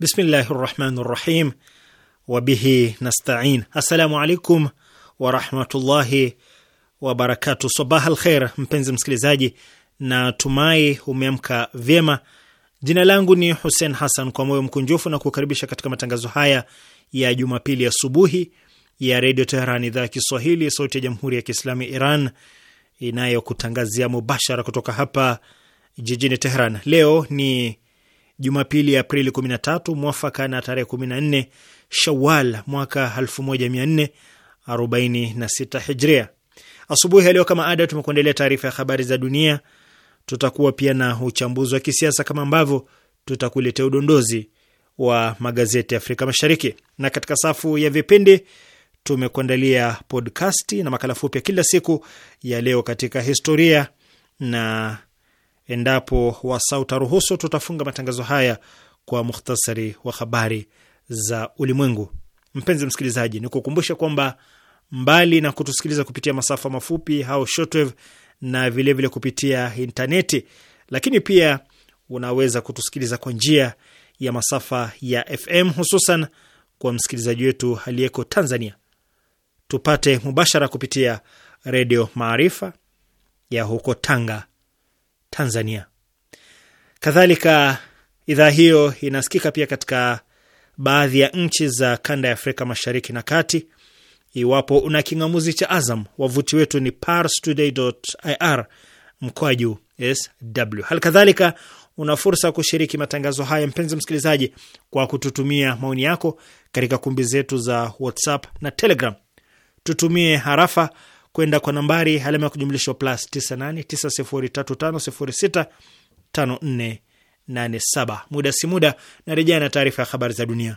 Bismillahi rahmani rahim, wabihi nastain. Assalamu alaikum warahmatullahi wabarakatu. Sabah al mpenzi msikilizaji, na tumai umeamka vyema. Jina langu ni Hussein Hassan, kwa moyo mkunjufu na kukaribisha katika matangazo haya ya Jumapili asubuhi ya, ya Redio Teheran, idhaa ya Kiswahili, sauti ya Jamhuri ya Kiislamu Iran inayokutangazia mubashara kutoka hapa jijini Teheran. Leo ni Jumapili ya Aprili 13 mwafaka na tarehe 14 Shawal mwaka 1446 Hijria. Asubuhi ya leo kama ada, tumekuandalia taarifa ya habari za dunia, tutakuwa pia na uchambuzi wa kisiasa kama ambavyo tutakuletea udondozi wa magazeti ya Afrika Mashariki, na katika safu ya vipindi tumekuandalia podcasti na makala fupi ya kila siku ya leo katika historia na Endapo wasa utaruhusu, tutafunga matangazo haya kwa mukhtasari wa habari za ulimwengu. Mpenzi msikilizaji, ni kukumbusha kwamba mbali na kutusikiliza kupitia masafa mafupi au shortwave na vilevile vile kupitia intaneti, lakini pia unaweza kutusikiliza kwa njia ya masafa ya FM, hususan kwa msikilizaji wetu aliyeko Tanzania, tupate mubashara kupitia Redio Maarifa ya huko Tanga, Tanzania. Kadhalika, idhaa hiyo inasikika pia katika baadhi ya nchi za kanda ya Afrika Mashariki na Kati. Iwapo una king'amuzi cha Azam, wavuti wetu ni parstoday.ir mkwaju sw. Hali kadhalika una fursa kushiriki matangazo haya, mpenzi msikilizaji, kwa kututumia maoni yako katika kumbi zetu za WhatsApp na Telegram. Tutumie harafa kwenda kwa nambari alama ya kujumlishwa plus 989035065487. Muda si muda narejea na taarifa ya habari za dunia.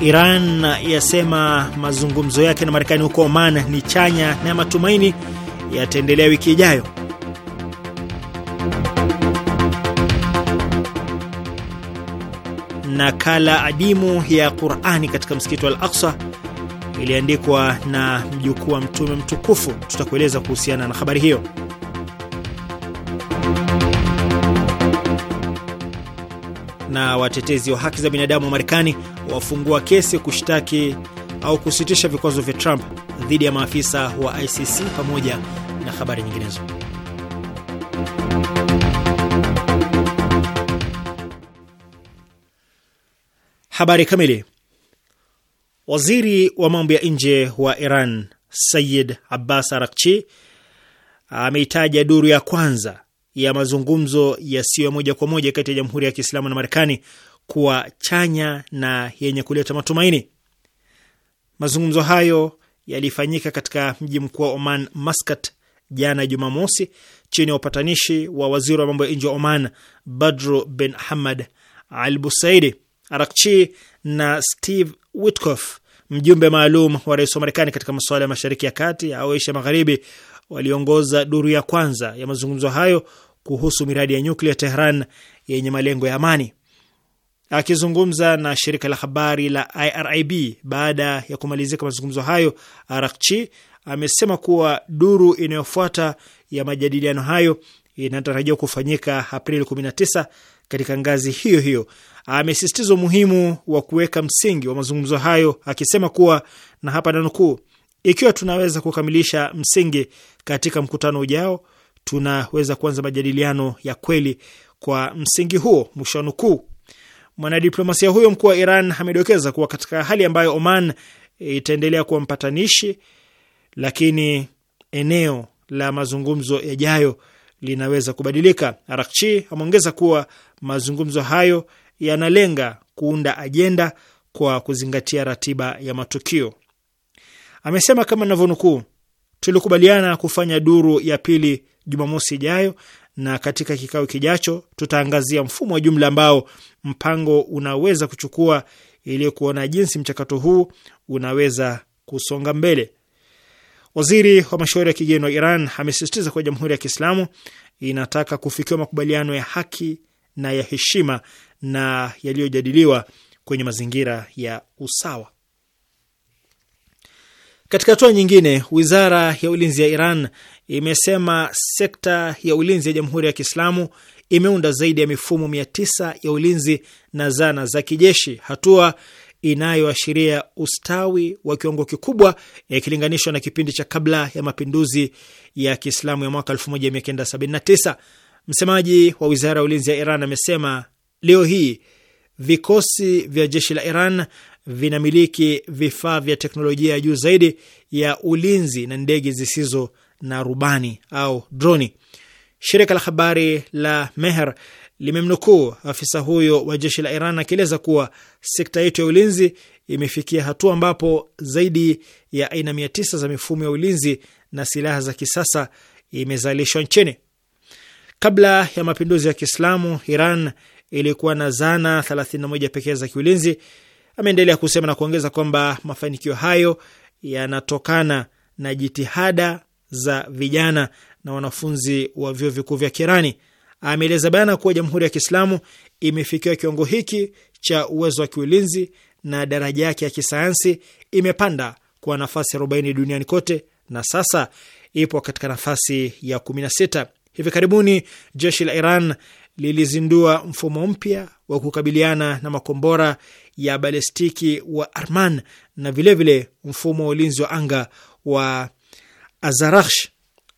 Iran yasema mazungumzo yake na Marekani huko Oman ni chanya na ya matumaini yataendelea wiki ijayo. Nakala adimu ya Qurani katika msikiti wa Al Aksa iliandikwa na mjukuu wa Mtume mtukufu. Tutakueleza kuhusiana na habari hiyo. na watetezi wa haki za binadamu wa Marekani wafungua kesi kushtaki au kusitisha vikwazo vya Trump dhidi ya maafisa wa ICC pamoja na habari nyinginezo. Habari kamili. Waziri wa mambo ya nje wa Iran Sayid Abbas Arakchi ameitaja duru ya kwanza ya mazungumzo yasiyo ya moja kwa moja kati ya Jamhuri ya Kiislamu na Marekani kuwa chanya na yenye kuleta matumaini. Mazungumzo hayo yalifanyika katika mji mkuu wa Oman, Maskat, jana Jumamosi, chini ya upatanishi wa waziri wa mambo ya nje wa Oman, Badru bin Hamad Al Busaidi. Arakchi na Steve Witkoff, mjumbe maalum wa rais wa Marekani katika masuala ya Mashariki ya Kati au Asia Magharibi, waliongoza duru ya kwanza ya mazungumzo hayo kuhusu miradi ya nyuklia Tehran yenye malengo ya amani. Akizungumza na shirika la habari la IRIB baada ya kumalizika mazungumzo hayo, Arakchi amesema kuwa duru inayofuata ya majadiliano hayo inatarajiwa kufanyika Aprili 19 katika ngazi hiyo hiyo. Amesisitiza umuhimu wa kuweka msingi wa mazungumzo hayo akisema kuwa na hapa nanukuu ikiwa tunaweza kukamilisha msingi katika mkutano ujao, tunaweza kuanza majadiliano ya kweli kwa msingi huo, mwisho wa nukuu. Mwanadiplomasia huyo mkuu wa Iran amedokeza kuwa katika hali ambayo Oman itaendelea kuwa mpatanishi, lakini eneo la mazungumzo yajayo linaweza kubadilika. Arakchi ameongeza kuwa mazungumzo hayo yanalenga kuunda ajenda kwa kuzingatia ratiba ya matukio. Amesema kama navyonukuu, tulikubaliana kufanya duru ya pili Jumamosi ijayo na katika kikao kijacho tutaangazia mfumo wa jumla ambao mpango unaweza kuchukua ili kuona jinsi mchakato huu unaweza kusonga mbele. Waziri wa mashauri ya kigeni wa Iran amesisitiza kuwa Jamhuri ya Kiislamu inataka kufikiwa makubaliano ya haki na ya heshima na yaliyojadiliwa kwenye mazingira ya usawa. Katika hatua nyingine, wizara ya ulinzi ya Iran imesema sekta ya ulinzi ya Jamhuri ya Kiislamu imeunda zaidi ya mifumo mia tisa ya ulinzi na zana za kijeshi, hatua inayoashiria ustawi wa kiwango kikubwa ikilinganishwa na kipindi cha kabla ya mapinduzi ya Kiislamu ya mwaka 1979. Msemaji wa wizara ya ulinzi ya Iran amesema leo hii vikosi vya jeshi la Iran vinamiliki vifaa vya teknolojia ya juu zaidi ya ulinzi na ndege zisizo na rubani au droni. Shirika la habari la Mehr limemnukuu afisa huyo wa jeshi la Iran akieleza kuwa sekta yetu ya ulinzi imefikia hatua ambapo zaidi ya aina mia tisa za mifumo ya ulinzi na silaha za kisasa imezalishwa nchini. Kabla ya mapinduzi ya Kiislamu, Iran ilikuwa na zana 31 pekee za kiulinzi Ameendelea kusema na kuongeza kwamba mafanikio hayo yanatokana na jitihada za vijana na wanafunzi wa vyuo vikuu vya Kirani. Ameeleza bayana kuwa Jamhuri ya Kiislamu imefikiwa kiwango hiki cha uwezo wa kiulinzi na daraja yake ya kisayansi imepanda kwa nafasi 40 duniani kote na sasa ipo katika nafasi ya 16. Hivi karibuni jeshi la Iran lilizindua mfumo mpya wa kukabiliana na makombora ya balestiki wa Arman na vilevile vile mfumo wa ulinzi wa anga wa Azarakhsh.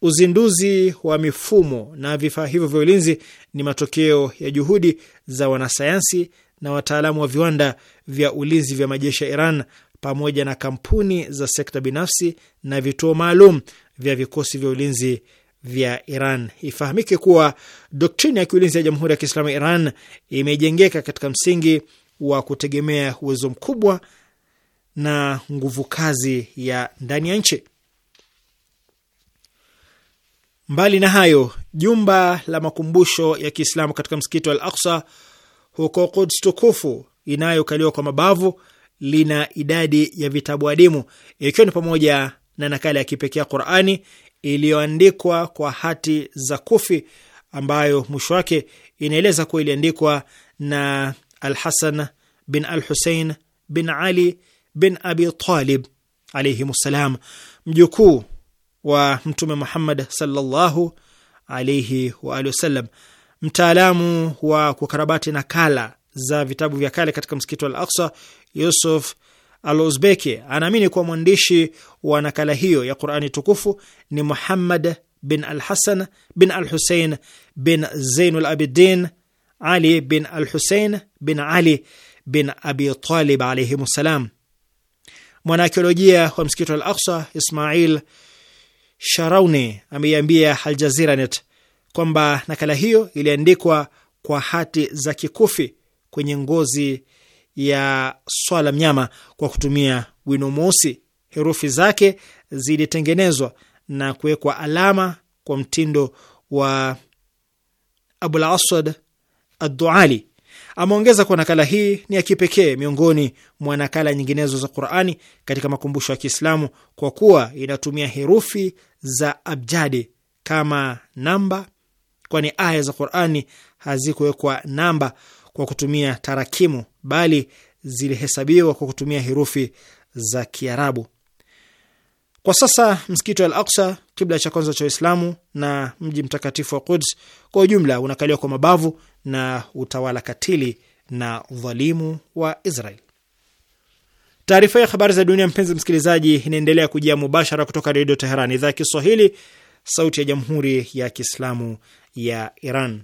Uzinduzi wa mifumo na vifaa hivyo vya ulinzi ni matokeo ya juhudi za wanasayansi na wataalamu wa viwanda vya ulinzi vya majeshi ya Iran pamoja na kampuni za sekta binafsi na vituo maalum vya vikosi vya ulinzi vya Iran. Ifahamike kuwa doktrini ya kiulinzi ya Jamhuri ya Kiislamu ya Iran imejengeka katika msingi wa kutegemea uwezo mkubwa na nguvu kazi ya ndani ya nchi. Mbali na hayo, jumba la makumbusho ya Kiislamu katika msikiti wa Al Aksa huko Kuds tukufu inayokaliwa kwa mabavu lina idadi ya vitabu adimu, ikiwa ni pamoja na nakala ya kipekee ya Qurani iliyoandikwa kwa hati za kufi ambayo mwisho wake inaeleza kuwa iliandikwa na al Hasan bin al Husein bin Ali bin Abi Talib alaihim ssalam, mjukuu wa Mtume Muhammad sallallahu alaihi alihi wasallam, mtaalamu wa kukarabati nakala za vitabu vya kale katika msikiti wa Al Aksa, Yusuf Al Uzbeki anaamini kuwa mwandishi wa nakala hiyo ya Qurani tukufu ni Muhammad bin Al Hasan bin Al Husein bin Zainul Abidin ali bin al Husein bin Ali bin Abi Talib alaihim ssalam. Mwanaakiolojia wa msikiti wa Al Aksa Ismail Sharauni ameiambia Al Jazeera Net kwamba nakala hiyo iliandikwa kwa hati za kikufi kwenye ngozi ya swala mnyama kwa kutumia wino mweusi. Herufi zake zilitengenezwa na kuwekwa alama kwa mtindo wa Abul Aswad Adduali ameongeza kuwa nakala hii ni ya kipekee miongoni mwa nakala nyinginezo za Qurani katika makumbusho ya Kiislamu kwa kuwa inatumia herufi za abjadi kama namba, kwani aya za Qurani hazikuwekwa namba kwa kutumia tarakimu, bali zilihesabiwa kwa kutumia herufi za Kiarabu. Kwa sasa msikiti wa Al Aksa, kibla cha kwanza cha Waislamu, na mji mtakatifu wa Kuds kwa ujumla unakaliwa kwa mabavu na utawala katili na dhalimu wa Israel. Taarifa ya habari za dunia, mpenzi msikilizaji, inaendelea kujia mubashara kutoka Redio Teheran, idhaa ya Kiswahili, sauti ya jamhuri ya kiislamu ya Iran.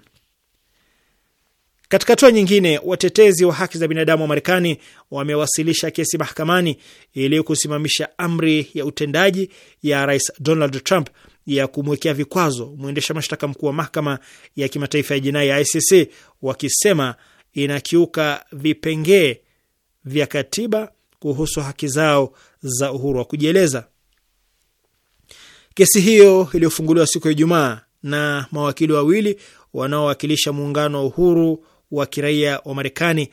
Katika hatua nyingine, watetezi wa haki za binadamu wa Marekani wamewasilisha kesi mahakamani ili kusimamisha amri ya utendaji ya Rais Donald Trump ya kumwekea vikwazo mwendesha mashtaka mkuu wa mahakama ya kimataifa ya jinai ya ICC, wakisema inakiuka vipengee vya katiba kuhusu haki zao za uhuru wa kujieleza. Kesi hiyo iliyofunguliwa siku ya Ijumaa na mawakili wawili wanaowakilisha muungano wa uhuru wa kiraia wa Marekani,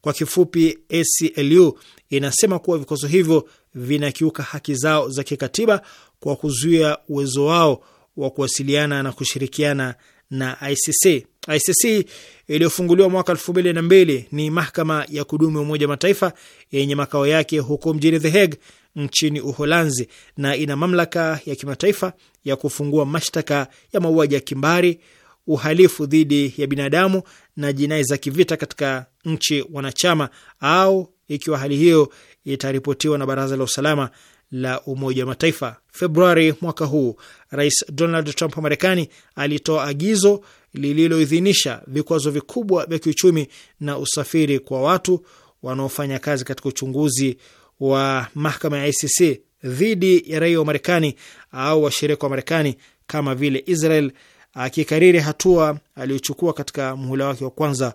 kwa kifupi ACLU, inasema kuwa vikoso hivyo vinakiuka haki zao za kikatiba kwa kuzuia uwezo wao wa kuwasiliana na kushirikiana na ICC. ICC iliyofunguliwa mwaka elfu mbili na mbili ni mahakama ya kudumu ya Umoja Mataifa yenye makao yake huko mjini The Hague nchini Uholanzi na ina mamlaka ya kimataifa ya kufungua mashtaka ya mauaji ya kimbari, uhalifu dhidi ya binadamu na jinai za kivita katika nchi wanachama au ikiwa hali hiyo itaripotiwa na Baraza la Usalama la Umoja wa Mataifa. Februari mwaka huu, Rais Donald Trump wa Marekani alitoa agizo lililoidhinisha vikwazo vikubwa vya kiuchumi na usafiri kwa watu wanaofanya kazi katika uchunguzi wa mahakama ya ICC dhidi ya raia wa Marekani au washirika wa Marekani kama vile Israel, akikariri hatua aliyochukua katika muhula wake wa kwanza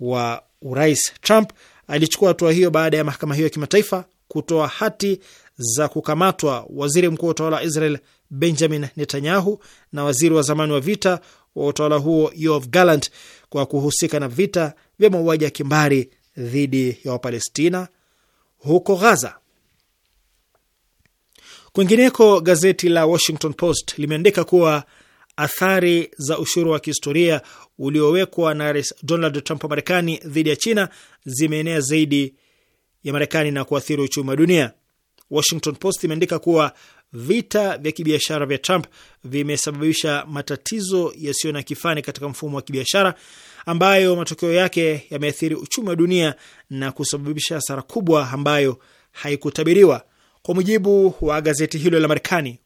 wa urais. Trump alichukua hatua hiyo baada ya mahakama hiyo ya kimataifa kutoa hati za kukamatwa waziri mkuu wa utawala wa Israel Benjamin Netanyahu na waziri wa zamani wa vita wa utawala huo Yoav Gallant kwa kuhusika na vita vya mauaji ya kimbari dhidi ya Wapalestina huko Gaza. Kwingineko, gazeti la Washington Post limeandika kuwa athari za ushuru wa kihistoria uliowekwa na Rais Donald Trump wa Marekani dhidi ya China zimeenea zaidi ya Marekani na kuathiri uchumi wa dunia. Washington Post imeandika kuwa vita vya kibiashara vya Trump vimesababisha matatizo yasiyo na kifani katika mfumo wa kibiashara ambayo matokeo yake yameathiri uchumi wa dunia na kusababisha hasara kubwa ambayo haikutabiriwa. Kwa mujibu wa gazeti hilo la Marekani,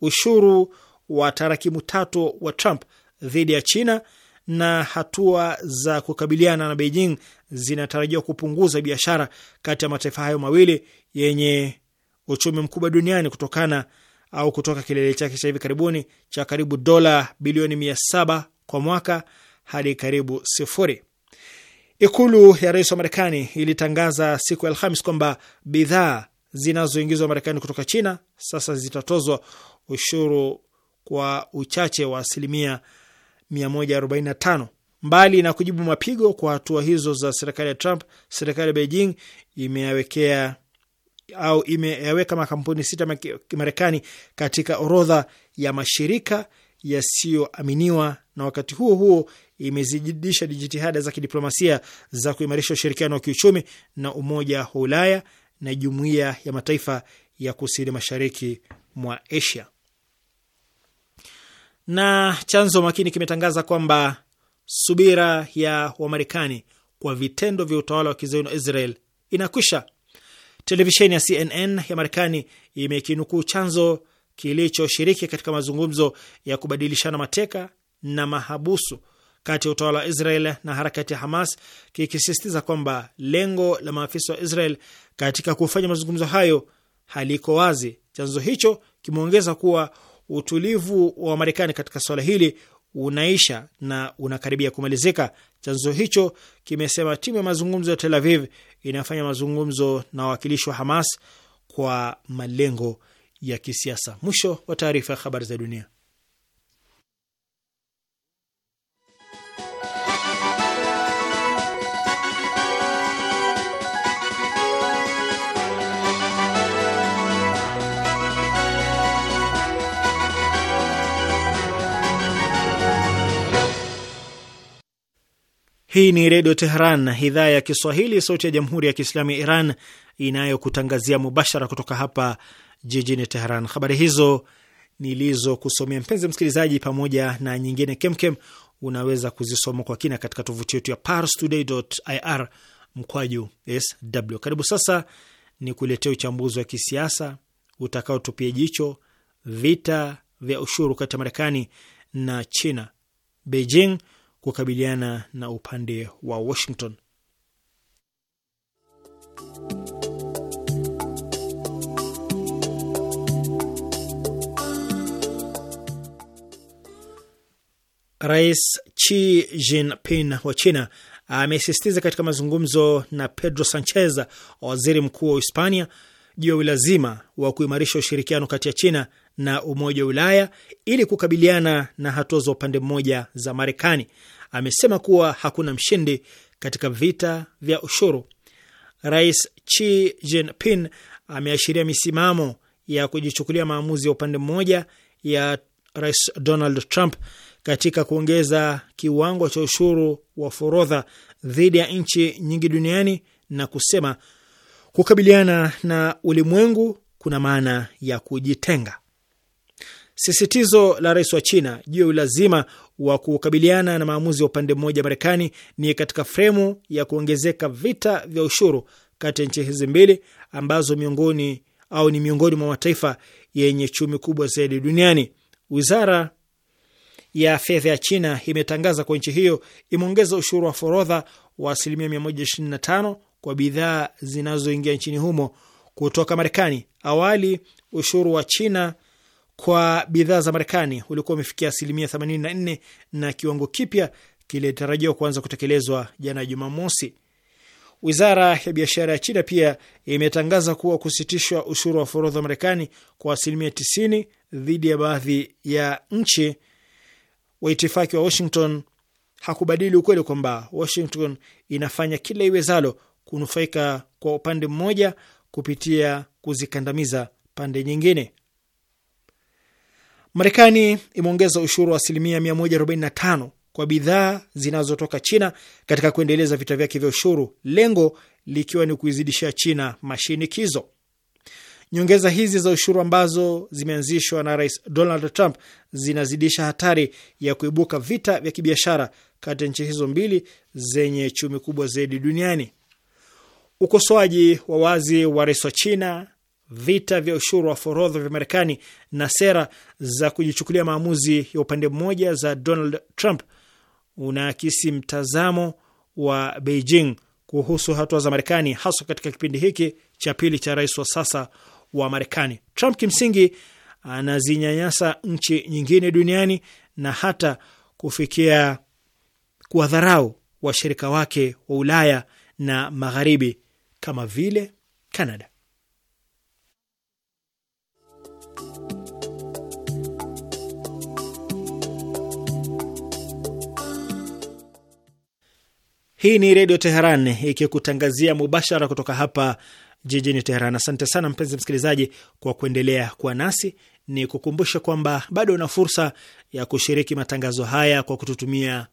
ushuru wa tarakimu tatu wa Trump dhidi ya China na hatua za kukabiliana na Beijing zinatarajiwa kupunguza biashara kati ya mataifa hayo mawili yenye uchumi mkubwa duniani kutokana au kutoka kilele chake cha hivi karibuni cha karibu dola bilioni mia saba kwa mwaka hadi karibu sifuri. Ikulu ya rais wa Marekani ilitangaza siku ya Alhamis kwamba bidhaa zinazoingizwa Marekani kutoka China sasa zitatozwa ushuru kwa uchache wa asilimia 145. Mbali na kujibu mapigo kwa hatua hizo za serikali ya Trump, serikali ya Beijing imeyawekea au imeyaweka makampuni sita Marekani katika orodha ya mashirika yasiyoaminiwa na wakati huo huo imezidisha jitihada za kidiplomasia za kuimarisha ushirikiano wa kiuchumi na Umoja wa Ulaya na Jumuiya ya Mataifa ya Kusini Mashariki mwa Asia. Na chanzo makini kimetangaza kwamba subira ya Wamarekani kwa vitendo vya utawala wa kizayuni wa Israel inakwisha. Televisheni ya CNN ya Marekani imekinukuu chanzo kilichoshiriki katika mazungumzo ya kubadilishana mateka na mahabusu kati ya utawala wa Israel na harakati ya Hamas kikisisitiza kwamba lengo la maafisa wa Israel katika kufanya mazungumzo hayo haliko wazi. Chanzo hicho kimeongeza kuwa utulivu wa Marekani katika swala hili unaisha na unakaribia kumalizika. Chanzo hicho kimesema timu ya mazungumzo ya Tel Aviv inafanya mazungumzo na wawakilishi wa Hamas kwa malengo ya kisiasa. Mwisho wa taarifa ya habari za dunia. Hii ni Redio teheran idhaa ya Kiswahili, sauti ya Jamhuri ya Kiislamu ya Iran inayokutangazia mubashara kutoka hapa jijini teheran Habari hizo nilizokusomea mpenzi msikilizaji, pamoja na nyingine kemkem, unaweza kuzisoma kwa kina katika tovuti yetu ya parstoday.ir mkwaju sw. Karibu sasa ni kuletea uchambuzi wa kisiasa utakaotupia jicho vita vya ushuru kati ya Marekani na China, Beijing kukabiliana na upande wa Washington. Rais Xi Jinping wa China amesisitiza katika mazungumzo na Pedro Sanchez, waziri mkuu wa Hispania, juu ya ulazima wa kuimarisha ushirikiano kati ya China na Umoja wa Ulaya ili kukabiliana na hatua za upande mmoja za Marekani. Amesema kuwa hakuna mshindi katika vita vya ushuru. Rais Xi Jinping ameashiria misimamo ya kujichukulia maamuzi ya upande mmoja ya Rais Donald Trump katika kuongeza kiwango cha ushuru wa forodha dhidi ya nchi nyingi duniani na kusema kukabiliana na ulimwengu kuna maana ya kujitenga. Sisitizo la rais wa China juu ya ulazima wa kukabiliana na maamuzi ya upande mmoja Marekani ni katika fremu ya kuongezeka vita vya ushuru kati ya nchi hizi mbili ambazo miongoni au ni miongoni mwa mataifa yenye chumi kubwa zaidi duniani. Wizara ya fedha ya China imetangaza kwa nchi hiyo imeongeza ushuru wa forodha wa asilimia 125 kwa bidhaa zinazoingia nchini humo kutoka Marekani. Awali ushuru wa China kwa bidhaa za Marekani ulikuwa umefikia asilimia 84 na kiwango kipya kilitarajiwa kuanza kutekelezwa jana Jumamosi. Wizara ya biashara ya China pia imetangaza kuwa kusitishwa ushuru wa forodha Marekani kwa asilimia 90 dhidi ya baadhi ya nchi waitifaki wa Washington hakubadili ukweli kwamba Washington inafanya kila iwezalo kunufaika kwa upande mmoja kupitia kuzikandamiza pande nyingine. Marekani imeongeza ushuru wa asilimia 145 kwa bidhaa zinazotoka China katika kuendeleza vita vyake vya ushuru, lengo likiwa ni kuizidishia China mashinikizo. Nyongeza hizi za ushuru ambazo zimeanzishwa na Rais Donald Trump zinazidisha hatari ya kuibuka vita vya kibiashara kati ya nchi hizo mbili zenye chumi kubwa zaidi duniani. Ukosoaji wa wazi wa rais wa China vita vya ushuru wa forodha vya Marekani na sera za kujichukulia maamuzi ya upande mmoja za Donald Trump unaakisi mtazamo wa Beijing kuhusu hatua za Marekani, haswa katika kipindi hiki cha pili cha rais wa sasa wa Marekani. Trump kimsingi anazinyanyasa nchi nyingine duniani na hata kufikia kuwadharau washirika wake wa Ulaya na magharibi kama vile canada hii ni Redio Teheran ikikutangazia mubashara kutoka hapa jijini Teheran. Asante sana mpenzi msikilizaji kwa kuendelea kuwa nasi. Ni kukumbushe kwamba bado una fursa ya kushiriki matangazo haya kwa kututumia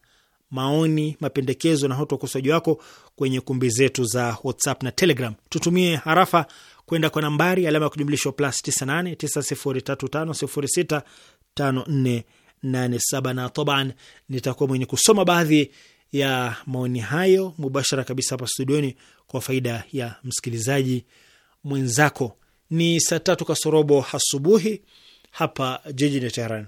maoni, mapendekezo na hata ukosoaji wako kwenye kumbi zetu za WhatsApp na Telegram. Tutumie harafa kwenda kwa nambari alama ya kujumlishwa plus 98 na toban, nitakuwa mwenye kusoma baadhi ya maoni hayo mubashara kabisa hapa studioni kwa faida ya msikilizaji mwenzako. Ni saa tatu kasorobo asubuhi hapa jijini Teheran.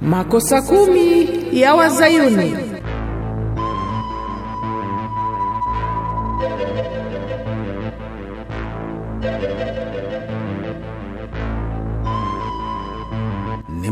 Makosa kumi ya Wazayuni.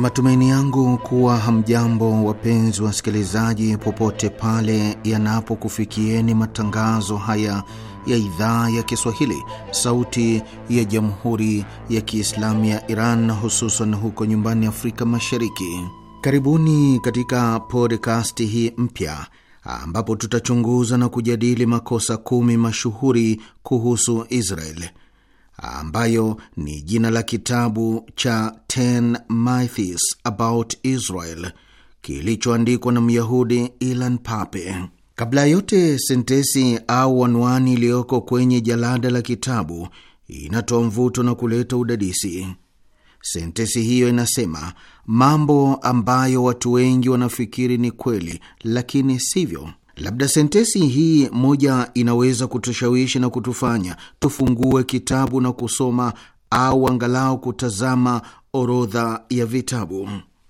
matumaini yangu kuwa hamjambo wapenzi wasikilizaji, popote pale yanapokufikieni matangazo haya ya idhaa ya Kiswahili, Sauti ya Jamhuri ya Kiislamu ya Iran, hususan huko nyumbani Afrika Mashariki. Karibuni katika podcast hii mpya ambapo tutachunguza na kujadili makosa kumi mashuhuri kuhusu Israel ambayo ni jina la kitabu cha Ten Myths About Israel kilichoandikwa na Myahudi Ilan Pape. Kabla ya yote, sentesi au anwani iliyoko kwenye jalada la kitabu inatoa mvuto na kuleta udadisi. Sentesi hiyo inasema mambo ambayo watu wengi wanafikiri ni kweli, lakini sivyo. Labda sentesi hii moja inaweza kutushawishi na kutufanya tufungue kitabu na kusoma au angalau kutazama orodha ya vitabu.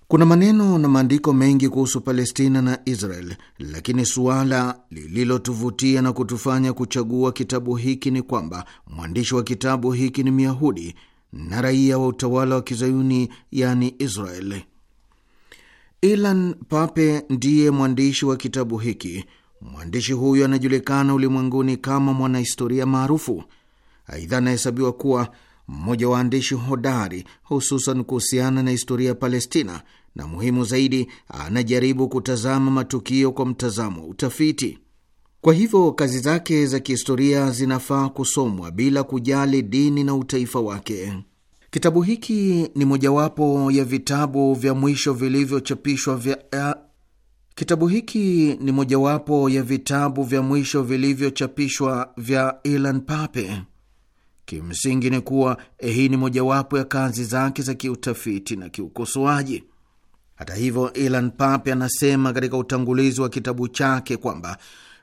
Kuna maneno na maandiko mengi kuhusu Palestina na Israel, lakini suala lililotuvutia na kutufanya kuchagua kitabu hiki ni kwamba mwandishi wa kitabu hiki ni Myahudi na raia wa utawala wa Kizayuni, yaani Israel. Ilan Pape ndiye mwandishi wa kitabu hiki. Mwandishi huyu anajulikana ulimwenguni kama mwanahistoria maarufu. Aidha, anahesabiwa kuwa mmoja wa waandishi hodari, hususan kuhusiana na historia ya Palestina, na muhimu zaidi, anajaribu kutazama matukio kwa mtazamo wa utafiti. Kwa hivyo kazi zake za kihistoria zinafaa kusomwa bila kujali dini na utaifa wake. Kitabu hiki ni mojawapo ya vitabu vya mwisho vilivyochapishwa vya eh, Kitabu hiki ni mojawapo ya vitabu vya mwisho vilivyochapishwa vya Ilan pape Kimsingi ni kuwa eh, hii ni mojawapo ya kazi zake za kiutafiti na kiukosoaji. Hata hivyo, Ilan pape anasema katika utangulizi wa kitabu chake kwamba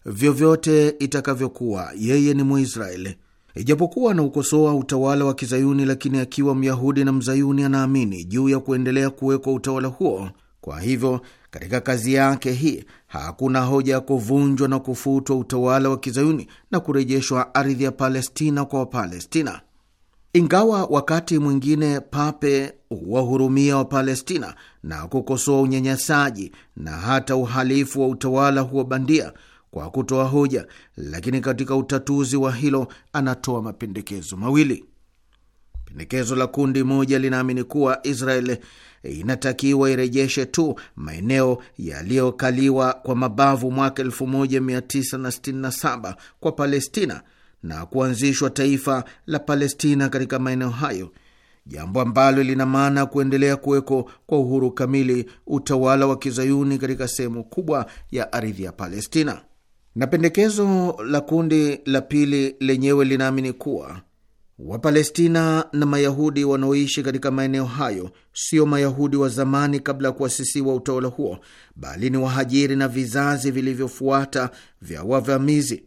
vyovyote itakavyokuwa, yeye ni Mwisraeli Ijapokuwa anaukosoa utawala wa Kizayuni, lakini akiwa Myahudi na Mzayuni anaamini juu ya kuendelea kuwekwa utawala huo. Kwa hivyo katika kazi yake hii hakuna hoja ya kuvunjwa na kufutwa utawala wa Kizayuni na kurejeshwa ardhi ya Palestina kwa Wapalestina, ingawa wakati mwingine Pape huwahurumia Wapalestina na kukosoa unyanyasaji na hata uhalifu wa utawala huo bandia kwa kutoa hoja, lakini katika utatuzi wa hilo anatoa mapendekezo mawili. Pendekezo la kundi moja linaamini kuwa Israel inatakiwa irejeshe tu maeneo yaliyokaliwa kwa mabavu mwaka 1967 kwa Palestina na kuanzishwa taifa la Palestina katika maeneo hayo, jambo ambalo lina maana kuendelea kuweko kwa uhuru kamili utawala wa kizayuni katika sehemu kubwa ya ardhi ya Palestina. Na pendekezo la kundi la pili lenyewe linaamini kuwa Wapalestina na Mayahudi wanaoishi katika maeneo hayo sio Mayahudi wa zamani kabla ya kuasisiwa utawala huo, bali ni wahajiri na vizazi vilivyofuata vya wavamizi,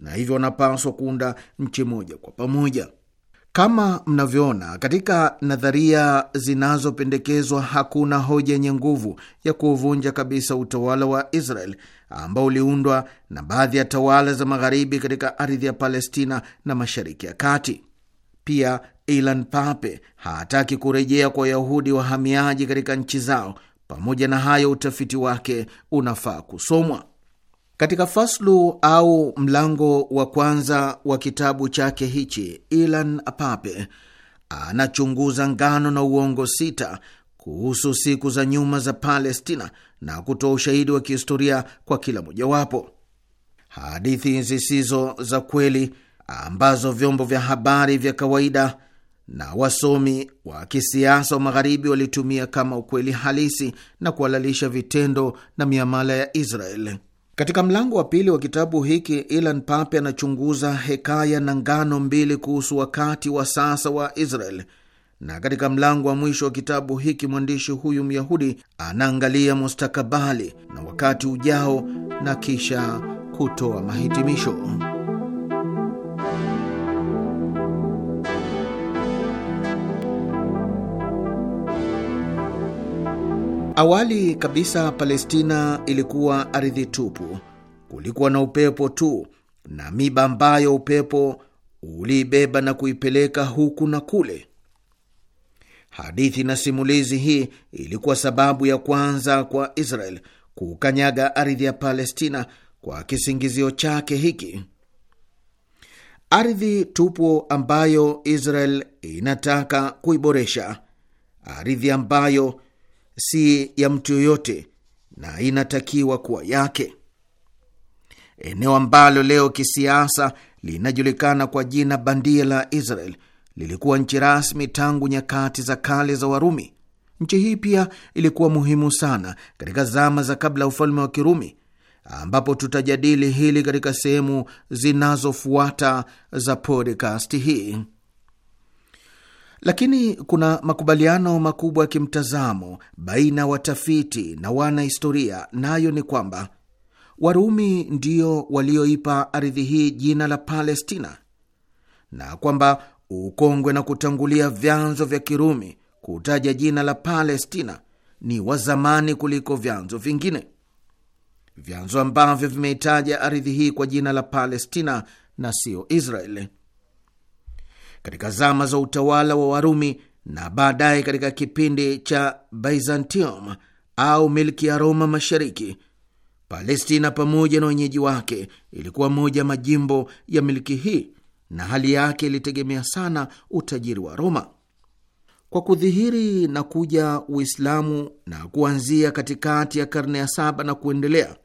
na hivyo wanapaswa kuunda nchi moja kwa pamoja. Kama mnavyoona, katika nadharia zinazopendekezwa hakuna hoja yenye nguvu ya kuuvunja kabisa utawala wa Israel ambao uliundwa na baadhi ya tawala za magharibi katika ardhi ya Palestina na Mashariki ya Kati. Pia Ilan Pape hataki kurejea kwa Wayahudi wahamiaji katika nchi zao. Pamoja na hayo, utafiti wake unafaa kusomwa katika faslu au mlango wa kwanza wa kitabu chake hichi. Ilan Pape anachunguza ngano na uongo sita kuhusu siku za nyuma za Palestina na kutoa ushahidi wa kihistoria kwa kila mojawapo. Hadithi zisizo za kweli ambazo vyombo vya habari vya kawaida na wasomi wa kisiasa wa Magharibi walitumia kama ukweli halisi na kuhalalisha vitendo na miamala ya Israel. Katika mlango wa pili wa kitabu hiki, Ilan Pape anachunguza hekaya na ngano mbili kuhusu wakati wa sasa wa Israel na katika mlango wa mwisho wa kitabu hiki mwandishi huyu Myahudi anaangalia mustakabali na wakati ujao na kisha kutoa mahitimisho. Awali kabisa Palestina ilikuwa ardhi tupu, kulikuwa na upepo tu na miba ambayo upepo uliibeba na kuipeleka huku na kule. Hadithi na simulizi hii ilikuwa sababu ya kwanza kwa Israel kukanyaga ardhi ya Palestina kwa kisingizio chake hiki. Ardhi tupo ambayo Israel inataka kuiboresha, ardhi ambayo si ya mtu yoyote na inatakiwa kuwa yake, eneo ambalo leo kisiasa linajulikana kwa jina bandia la Israel lilikuwa nchi rasmi tangu nyakati za kale za Warumi. Nchi hii pia ilikuwa muhimu sana katika zama za kabla ya ufalme wa Kirumi, ambapo tutajadili hili katika sehemu zinazofuata za podcast hii. Lakini kuna makubaliano makubwa ya kimtazamo baina ya watafiti na wanahistoria, nayo ni kwamba Warumi ndio walioipa ardhi hii jina la Palestina na kwamba ukongwe na kutangulia vyanzo vya Kirumi kutaja jina la Palestina ni wa zamani kuliko vyanzo vingine. Vyanzo ambavyo vimeitaja ardhi hii kwa jina la Palestina na siyo Israeli. Katika zama za utawala wa Warumi na baadaye katika kipindi cha Byzantium au milki ya Roma Mashariki, Palestina pamoja na wenyeji wake ilikuwa moja majimbo ya milki hii na hali yake ilitegemea sana utajiri wa Roma. Kwa kudhihiri na kuja Uislamu na kuanzia katikati ya karne ya saba na kuendelea,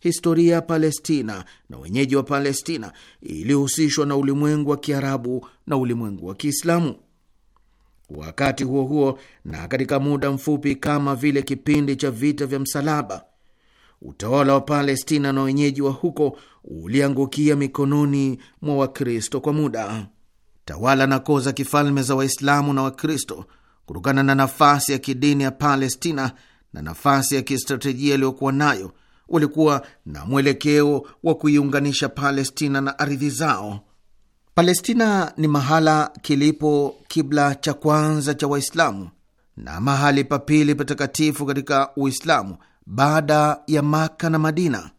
historia ya Palestina na wenyeji wa Palestina ilihusishwa na ulimwengu wa Kiarabu na ulimwengu wa Kiislamu. Wakati huo huo, na katika muda mfupi kama vile kipindi cha vita vya msalaba, utawala wa Palestina na wenyeji wa huko uliangukia mikononi mwa Wakristo kwa muda. Tawala na koo za kifalme za Waislamu na Wakristo, kutokana na nafasi ya kidini ya Palestina na nafasi ya kistratejia iliyokuwa nayo, walikuwa na mwelekeo wa kuiunganisha Palestina na ardhi zao. Palestina ni mahala kilipo kibla cha kwanza cha Waislamu na mahali pa pili patakatifu katika Uislamu baada ya Maka na Madina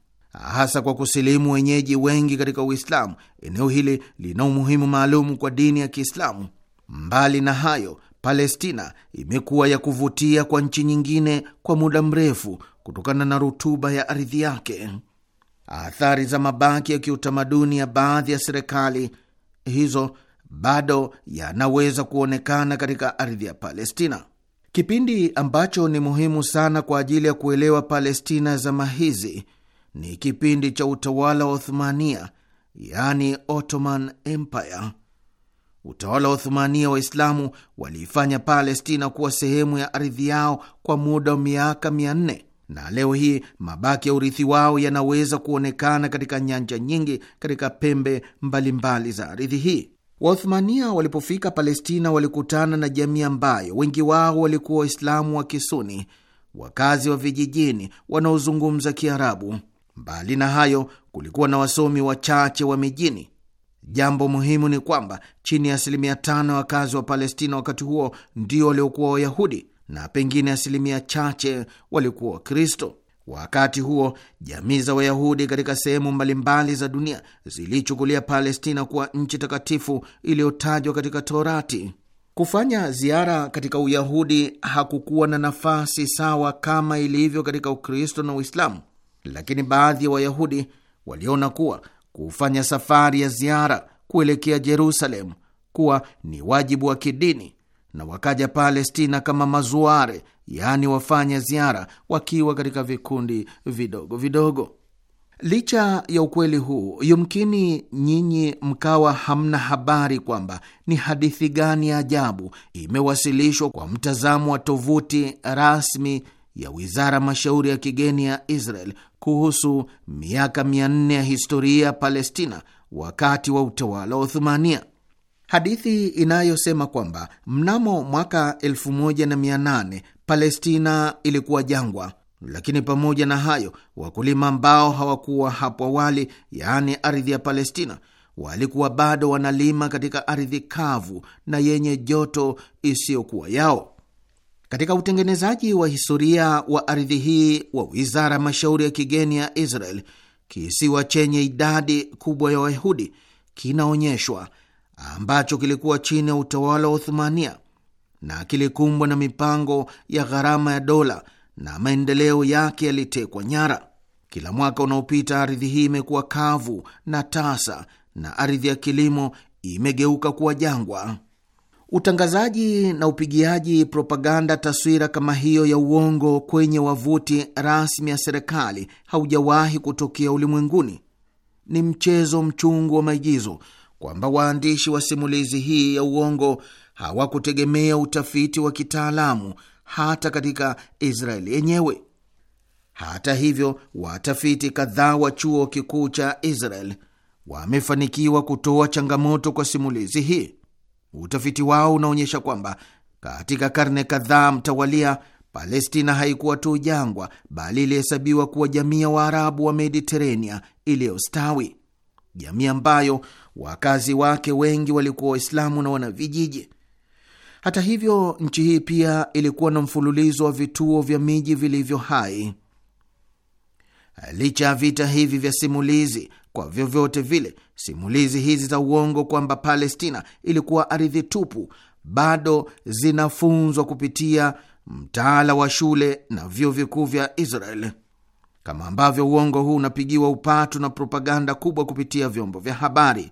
hasa kwa kusilimu wenyeji wengi katika Uislamu. Eneo hili lina umuhimu maalum kwa dini ya Kiislamu. Mbali na hayo, Palestina imekuwa ya kuvutia kwa nchi nyingine kwa muda mrefu kutokana na rutuba ya ardhi yake. Athari za mabaki ya kiutamaduni ya baadhi ya serikali hizo bado yanaweza kuonekana katika ardhi ya Palestina. Kipindi ambacho ni muhimu sana kwa ajili ya kuelewa Palestina zama hizi ni kipindi cha utawala wa Uthmania, yani Ottoman Empire. Utawala wa Uthumania Waislamu waliifanya Palestina kuwa sehemu ya ardhi yao kwa muda wa miaka mia nne na leo hii mabaki ya urithi wao yanaweza kuonekana katika nyanja nyingi katika pembe mbalimbali mbali za ardhi hii. Waothmania walipofika Palestina walikutana na jamii ambayo wengi wao walikuwa Waislamu wa Kisuni, wakazi wa vijijini wanaozungumza Kiarabu. Mbali na hayo, kulikuwa na wasomi wachache wa mijini. Jambo muhimu ni kwamba chini ya asilimia tano ya wakazi wa Palestina wakati huo ndio waliokuwa Wayahudi na pengine asilimia chache walikuwa Wakristo. Wakati huo jamii za Wayahudi katika sehemu mbalimbali za dunia zilichukulia Palestina kuwa nchi takatifu iliyotajwa katika Torati. Kufanya ziara katika Uyahudi hakukuwa na nafasi sawa kama ilivyo katika Ukristo na Uislamu, lakini baadhi ya wa Wayahudi waliona kuwa kufanya safari ya ziara kuelekea Jerusalemu kuwa ni wajibu wa kidini na wakaja Palestina kama mazuare, yaani wafanya ziara, wakiwa katika vikundi vidogo vidogo. Licha ya ukweli huu, yumkini nyinyi mkawa hamna habari kwamba ni hadithi gani ya ajabu imewasilishwa kwa mtazamo wa tovuti rasmi ya wizara mashauri ya kigeni ya Israel kuhusu miaka 400 ya historia ya Palestina wakati wa utawala wa Uthumania. Hadithi inayosema kwamba mnamo mwaka 1800 Palestina ilikuwa jangwa, lakini pamoja na hayo wakulima ambao hawakuwa hapo awali, yaani ardhi ya Palestina, walikuwa bado wanalima katika ardhi kavu na yenye joto isiyokuwa yao. Katika utengenezaji wa historia wa ardhi hii wa wizara ya mashauri ya kigeni ya Israel, kisiwa chenye idadi kubwa ya Wayahudi kinaonyeshwa ambacho kilikuwa chini ya utawala wa Uthumania na kilikumbwa na mipango ya gharama ya dola na maendeleo yake yalitekwa nyara. Kila mwaka unaopita ardhi hii imekuwa kavu na tasa na ardhi ya kilimo imegeuka kuwa jangwa. Utangazaji na upigiaji propaganda taswira kama hiyo ya uongo kwenye wavuti rasmi ya serikali haujawahi kutokea ulimwenguni. Ni mchezo mchungu wa maigizo kwamba waandishi wa simulizi hii ya uongo hawakutegemea utafiti wa kitaalamu hata katika Israeli yenyewe. Hata hivyo, watafiti kadhaa wa chuo kikuu cha Israel wamefanikiwa kutoa changamoto kwa simulizi hii. Utafiti wao unaonyesha kwamba katika karne kadhaa mtawalia, Palestina haikuwa tu jangwa, bali ilihesabiwa kuwa jamii ya Waarabu wa Mediterania iliyostawi, jamii ambayo wakazi wake wengi walikuwa Waislamu na wanavijiji. Hata hivyo, nchi hii pia ilikuwa na mfululizo wa vituo vya miji vilivyo hai. Licha ya vita hivi vya simulizi, kwa vyovyote vile Simulizi hizi za uongo kwamba Palestina ilikuwa ardhi tupu bado zinafunzwa kupitia mtaala wa shule na vyuo vikuu vya Israel, kama ambavyo uongo huu unapigiwa upatu na propaganda kubwa kupitia vyombo vya habari.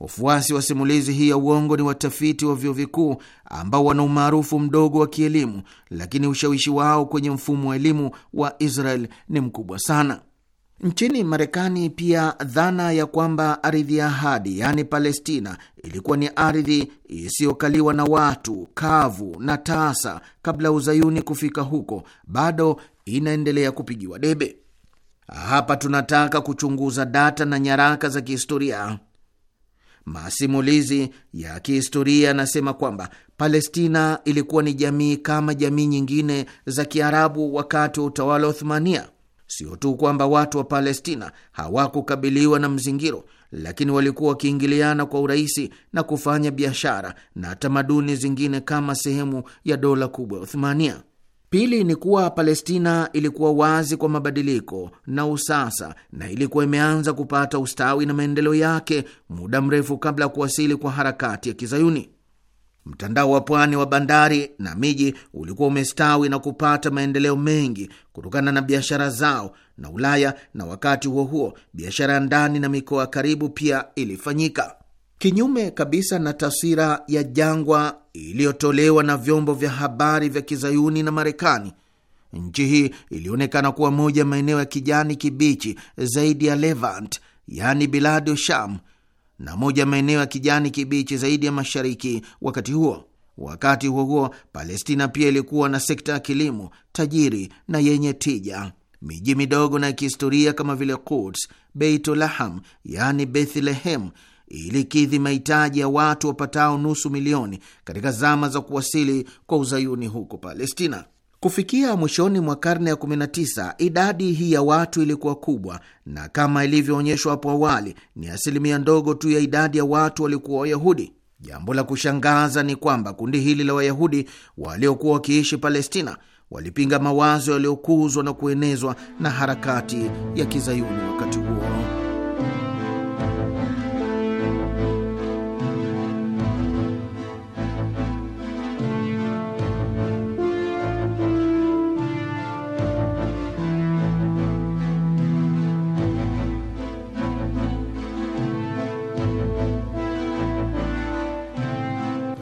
Wafuasi wa simulizi hii ya uongo ni watafiti wa vyuo vikuu ambao wana umaarufu mdogo wa kielimu, lakini ushawishi wao kwenye mfumo wa elimu wa Israel ni mkubwa sana. Nchini Marekani pia dhana ya kwamba ardhi ya ahadi, yaani Palestina, ilikuwa ni ardhi isiyokaliwa na watu kavu na tasa kabla uzayuni kufika huko, bado inaendelea kupigiwa debe. Hapa tunataka kuchunguza data na nyaraka za kihistoria. Masimulizi ya kihistoria yanasema kwamba Palestina ilikuwa ni jamii kama jamii nyingine za Kiarabu wakati wa utawala wa Uthmania. Sio tu kwamba watu wa Palestina hawakukabiliwa na mzingiro, lakini walikuwa wakiingiliana kwa urahisi na kufanya biashara na tamaduni zingine kama sehemu ya dola kubwa ya Uthmania. Pili ni kuwa Palestina ilikuwa wazi kwa mabadiliko na usasa na ilikuwa imeanza kupata ustawi na maendeleo yake muda mrefu kabla ya kuwasili kwa harakati ya Kizayuni. Mtandao wa pwani wa bandari na miji ulikuwa umestawi na kupata maendeleo mengi kutokana na biashara zao na Ulaya, na wakati huo huo biashara ya ndani na mikoa karibu pia ilifanyika, kinyume kabisa na taswira ya jangwa iliyotolewa na vyombo vya habari vya kizayuni na Marekani. Nchi hii ilionekana kuwa moja maeneo ya kijani kibichi zaidi ya Levant, yaani biladu Sham na moja ya maeneo ya kijani kibichi zaidi ya mashariki wakati huo. Wakati huo huo, Palestina pia ilikuwa na sekta ya kilimo tajiri na yenye tija. Miji midogo na ya kihistoria kama vile Quds, Beitulaham yaani Bethlehem ilikidhi mahitaji ya watu wapatao nusu milioni katika zama za kuwasili kwa uzayuni huko Palestina. Kufikia mwishoni mwa karne ya 19 idadi hii ya watu ilikuwa kubwa, na kama ilivyoonyeshwa hapo awali, ni asilimia ndogo tu ya idadi ya watu walikuwa Wayahudi. Jambo la kushangaza ni kwamba kundi hili la Wayahudi waliokuwa wakiishi Palestina walipinga mawazo yaliyokuzwa na kuenezwa na harakati ya kizayuni wakati huo.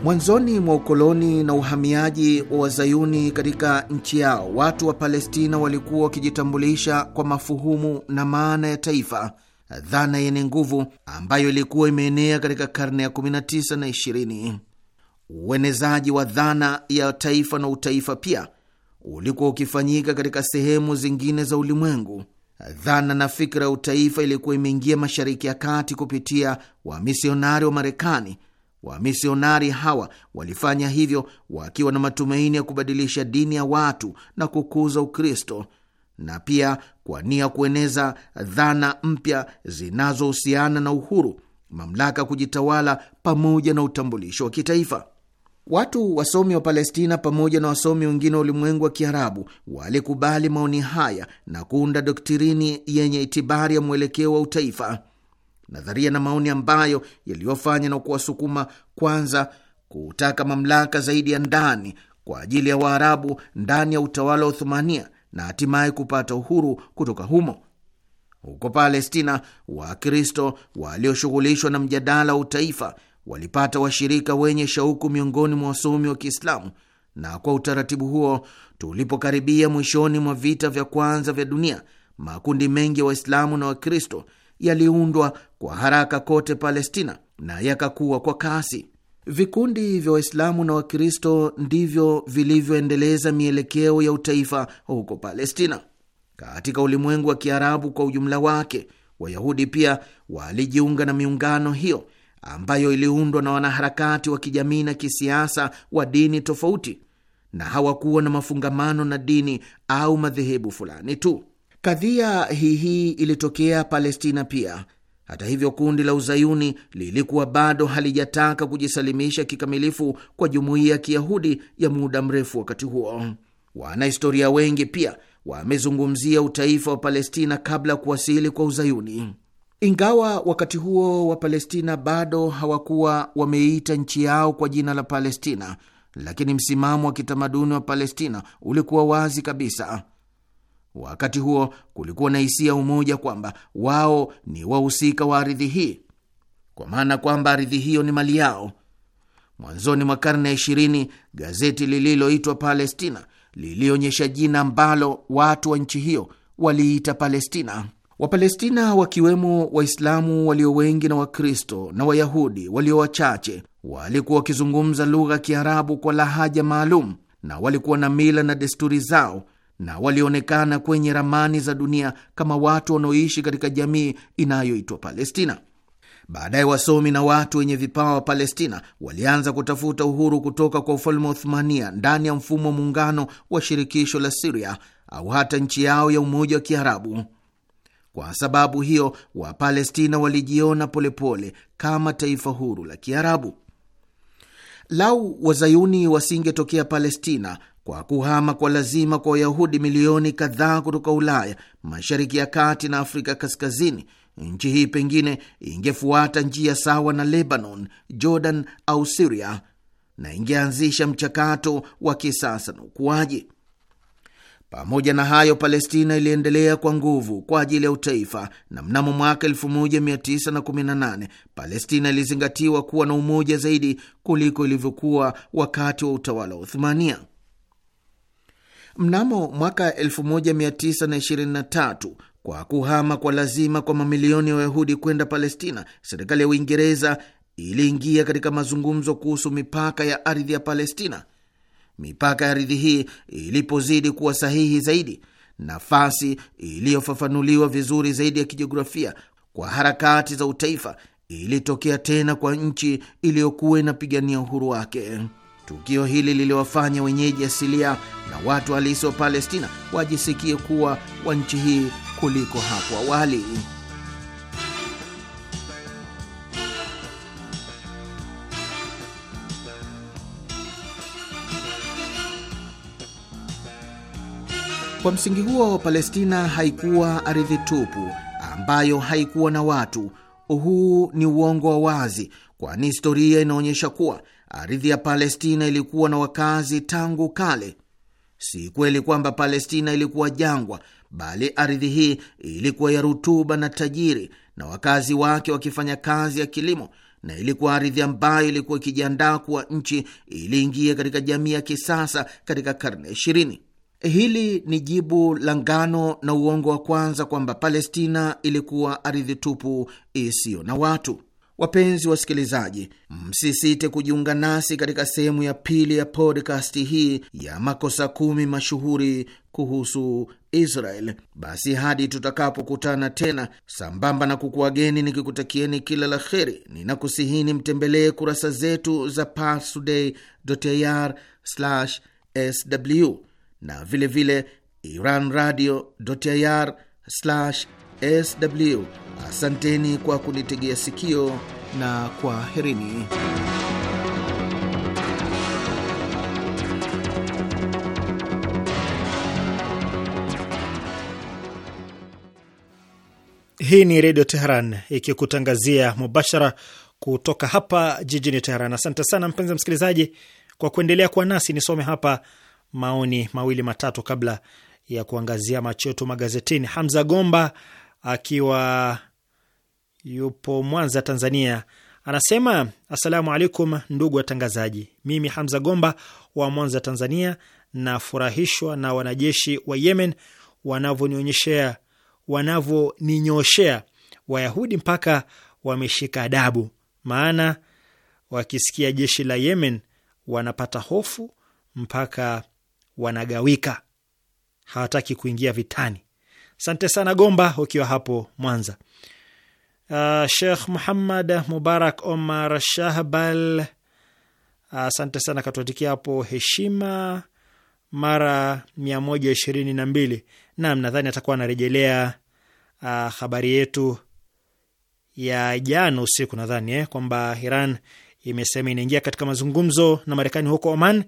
Mwanzoni mwa ukoloni na uhamiaji wa wazayuni katika nchi yao, watu wa Palestina walikuwa wakijitambulisha kwa mafuhumu na maana ya taifa, dhana yenye nguvu ambayo ilikuwa imeenea katika karne ya 19 na 20. Uenezaji wa dhana ya taifa na utaifa pia ulikuwa ukifanyika katika sehemu zingine za ulimwengu. Dhana na fikra ya utaifa ilikuwa imeingia Mashariki ya Kati kupitia wamisionari wa Marekani Wamisionari hawa walifanya hivyo wakiwa na matumaini ya kubadilisha dini ya watu na kukuza Ukristo na pia kwa nia kueneza dhana mpya zinazohusiana na uhuru, mamlaka ya kujitawala, pamoja na utambulisho wa kitaifa. Watu wasomi wa Palestina pamoja na wasomi wengine wa ulimwengu wa Kiarabu walikubali maoni haya na kuunda doktirini yenye itibari ya mwelekeo wa utaifa nadharia na maoni ambayo yaliyofanya na kuwasukuma kwanza kutaka mamlaka zaidi ya ndani kwa ajili ya Waarabu ndani ya utawala wa Uthumania na hatimaye kupata uhuru kutoka humo. Huko Palestina, Wakristo walioshughulishwa na mjadala wa utaifa walipata washirika wenye shauku miongoni mwa wasomi wa Kiislamu, na kwa utaratibu huo, tulipokaribia mwishoni mwa vita vya kwanza vya dunia, makundi mengi ya wa Waislamu na Wakristo yaliundwa kwa haraka kote Palestina na yakakuwa kwa kasi. Vikundi vya Waislamu na Wakristo ndivyo vilivyoendeleza mielekeo ya utaifa huko Palestina. Katika ulimwengu wa Kiarabu kwa ujumla wake, Wayahudi pia walijiunga na miungano hiyo ambayo iliundwa na wanaharakati wa kijamii na kisiasa wa dini tofauti, na hawakuwa na mafungamano na dini au madhehebu fulani tu. Kadhia hii hii ilitokea Palestina pia hata hivyo, kundi la uzayuni lilikuwa bado halijataka kujisalimisha kikamilifu kwa jumuiya ya kiyahudi ya muda mrefu. Wakati huo, wanahistoria wengi pia wamezungumzia utaifa wa Palestina kabla ya kuwasili kwa uzayuni. Ingawa wakati huo wa palestina bado hawakuwa wameita nchi yao kwa jina la Palestina, lakini msimamo wa kitamaduni wa Palestina ulikuwa wazi kabisa. Wakati huo kulikuwa na hisia umoja kwamba wao ni wahusika wa ardhi hii, kwa maana kwamba ardhi hiyo ni mali yao. Mwanzoni mwa karne ya ishirini, gazeti lililoitwa Palestina lilionyesha jina ambalo watu wa nchi hiyo waliita Palestina. Wapalestina wakiwemo Waislamu walio wengi na Wakristo na Wayahudi walio wachache walikuwa wakizungumza lugha ya Kiarabu kwa lahaja maalum na walikuwa na mila na desturi zao na walionekana kwenye ramani za dunia kama watu wanaoishi katika jamii inayoitwa Palestina. Baadaye wasomi na watu wenye vipawa wa Palestina walianza kutafuta uhuru kutoka kwa ufalme wa Uthmania ndani ya mfumo wa muungano wa shirikisho la Siria au hata nchi yao ya umoja wa Kiarabu. Kwa sababu hiyo, Wapalestina walijiona polepole kama taifa huru la Kiarabu. Lau wazayuni wasingetokea Palestina, kwa kuhama kwa lazima kwa Wayahudi milioni kadhaa kutoka Ulaya, Mashariki ya Kati na Afrika Kaskazini, nchi hii pengine ingefuata njia sawa na Lebanon, Jordan au Siria na ingeanzisha mchakato wa kisasa na ukuaji. Pamoja na hayo, Palestina iliendelea kwa nguvu kwa ajili ya utaifa, na mnamo mwaka 1918 Palestina ilizingatiwa kuwa na umoja zaidi kuliko ilivyokuwa wakati wa utawala wa Uthmania. Mnamo mwaka 1923 kwa kuhama kwa lazima kwa mamilioni ya Wayahudi kwenda Palestina, serikali ya Uingereza iliingia katika mazungumzo kuhusu mipaka ya ardhi ya Palestina. Mipaka ya ardhi hii ilipozidi kuwa sahihi zaidi, nafasi iliyofafanuliwa vizuri zaidi ya kijiografia kwa harakati za utaifa ilitokea tena kwa nchi iliyokuwa inapigania uhuru wake. Tukio hili liliwafanya wenyeji asilia na watu halisi wa Palestina wajisikie kuwa wa nchi hii kuliko hapo awali. Kwa msingi huo, Palestina haikuwa ardhi tupu ambayo haikuwa na watu. Huu ni uongo wa wazi, kwani historia inaonyesha kuwa ardhi ya Palestina ilikuwa na wakazi tangu kale. Si kweli kwamba Palestina ilikuwa jangwa, bali ardhi hii ilikuwa ya rutuba na tajiri, na wakazi wake wakifanya kazi ya kilimo, na ilikuwa ardhi ambayo ilikuwa ikijiandaa kuwa nchi iliingia katika jamii ya kisasa katika karne ishirini. Hili ni jibu la ngano na uongo wa kwanza kwamba Palestina ilikuwa ardhi tupu isiyo na watu. Wapenzi wasikilizaji, msisite kujiunga nasi katika sehemu ya pili ya podcast hii ya makosa kumi mashuhuri kuhusu Israel. Basi hadi tutakapokutana tena, sambamba na kukuwageni nikikutakieni kila la kheri, ninakusihini mtembelee kurasa zetu za parstoday.ir/sw na vilevile iranradio.ir/sw Asanteni kwa kunitegea sikio na kwaherini. Hii ni Redio Teheran ikikutangazia mubashara kutoka hapa jijini Teheran. Asante sana mpenzi msikilizaji kwa kuendelea kuwa nasi. Nisome hapa maoni mawili matatu kabla ya kuangazia macho yetu magazetini. Hamza Gomba akiwa yupo Mwanza, Tanzania, anasema assalamu alaikum, ndugu watangazaji. Mimi Hamza Gomba wa Mwanza, Tanzania, nafurahishwa na wanajeshi wa Yemen wanavyonionyeshea wanavyoninyooshea Wayahudi mpaka wameshika adabu, maana wakisikia jeshi la Yemen wanapata hofu mpaka wanagawika, hawataki kuingia vitani. Sante sana Gomba, ukiwa hapo Mwanza. Uh, Shekh Muhammad Mubarak Omar Shahbal, asante uh, sana, katuatikia hapo heshima mara mia moja ishirini na mbili. Naam, nadhani atakuwa anarejelea uh, habari yetu ya jana usiku nadhani eh, kwamba Iran imesema inaingia katika mazungumzo na Marekani huko Oman,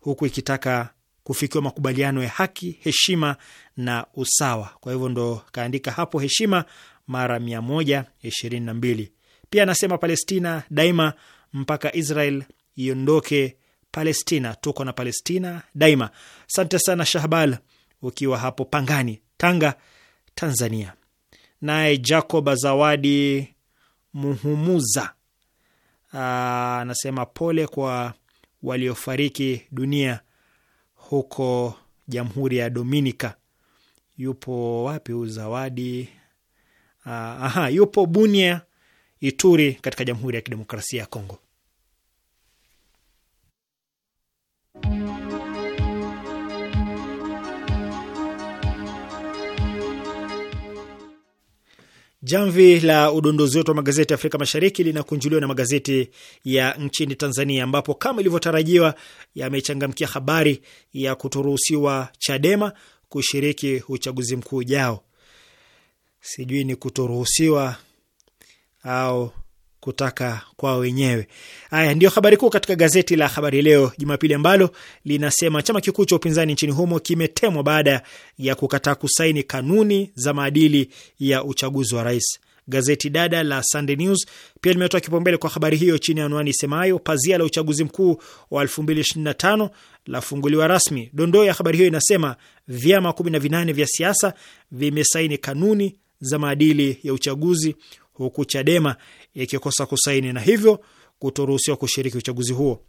huku ikitaka kufikiwa makubaliano ya haki, heshima na usawa. Kwa hivyo ndo kaandika hapo heshima mara 122. Pia anasema Palestina daima mpaka Israel iondoke Palestina. Tuko na Palestina daima. Asante sana Shahbal, ukiwa hapo Pangani, Tanga, Tanzania. Naye Jacob Zawadi Muhumuza ah, anasema pole kwa waliofariki dunia huko Jamhuri ya Dominika yupo wapi huyu Zawadi? Ah, aha, yupo Bunia, Ituri, katika Jamhuri ya Kidemokrasia ya Kongo. Jamvi la udondozi wetu wa magazeti ya Afrika Mashariki linakunjuliwa na magazeti ya nchini Tanzania, ambapo kama ilivyotarajiwa yamechangamkia habari ya kutoruhusiwa Chadema kushiriki uchaguzi mkuu ujao. Sijui ni kutoruhusiwa au kutaka kwa wenyewe. Haya ndio habari kuu katika gazeti la Habari Leo Jumapili, ambalo linasema chama kikuu cha upinzani nchini humo kimetemwa baada ya kukataa kusaini kanuni za maadili ya uchaguzi wa rais. Gazeti dada la Sunday News pia limetoa kipaumbele kwa habari hiyo chini ya anwani isemayo pazia la uchaguzi mkuu wa 2025 lafunguliwa rasmi. Dondoo ya habari hiyo inasema vyama kumi na vinane vya siasa vimesaini kanuni za maadili ya uchaguzi huku Chadema ikikosa kusaini na hivyo kutoruhusiwa kushiriki uchaguzi huo.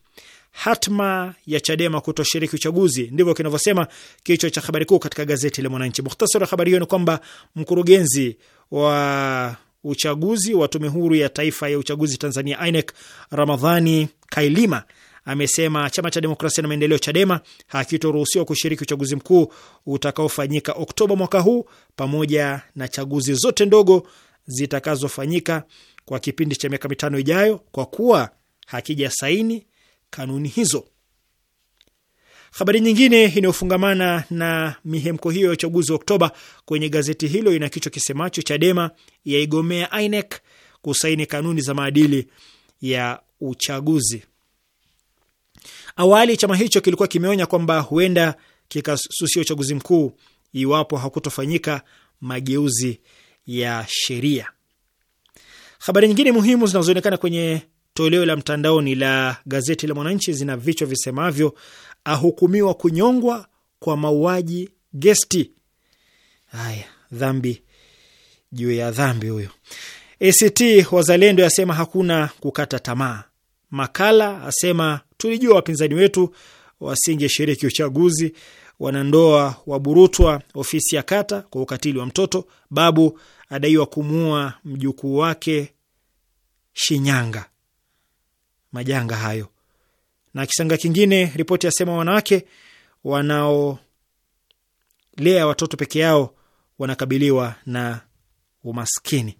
Hatma ya Chadema kutoshiriki uchaguzi, ndivyo kinavyosema kichwa cha habari kuu katika gazeti la Mwananchi. Muhtasari wa habari hiyo ni kwamba mkurugenzi wa uchaguzi wa Tume Huru ya Taifa ya Uchaguzi Tanzania, INEC, Ramadhani Kailima amesema chama cha demokrasia na maendeleo Chadema hakitoruhusiwa kushiriki uchaguzi mkuu utakaofanyika Oktoba mwaka huu pamoja na chaguzi zote ndogo zitakazofanyika kwa kipindi cha miaka mitano ijayo kwa kuwa hakija saini kanuni hizo. Habari nyingine inayofungamana na mihemko hiyo ya uchaguzi wa Oktoba kwenye gazeti hilo ina kichwa kisemacho Chadema yaigomea INEC kusaini kanuni za maadili ya uchaguzi. Awali chama hicho kilikuwa kimeonya kwamba huenda kikasusia uchaguzi mkuu iwapo hakutofanyika mageuzi ya sheria. Habari nyingine muhimu zinazoonekana kwenye toleo la mtandaoni la gazeti la Mwananchi zina vichwa visemavyo: ahukumiwa kunyongwa kwa mauaji Gesti. Haya, dhambi juu ya dhambi huyo. ACT Wazalendo asema hakuna kukata tamaa. Makala asema tulijua wapinzani wetu wasingeshiriki uchaguzi. Wanandoa waburutwa ofisi ya kata kwa ukatili wa mtoto. Babu adaiwa kumuua mjukuu wake Shinyanga. Majanga hayo. Na kisanga kingine, ripoti yasema wanawake wanaolea watoto peke yao wanakabiliwa na umaskini.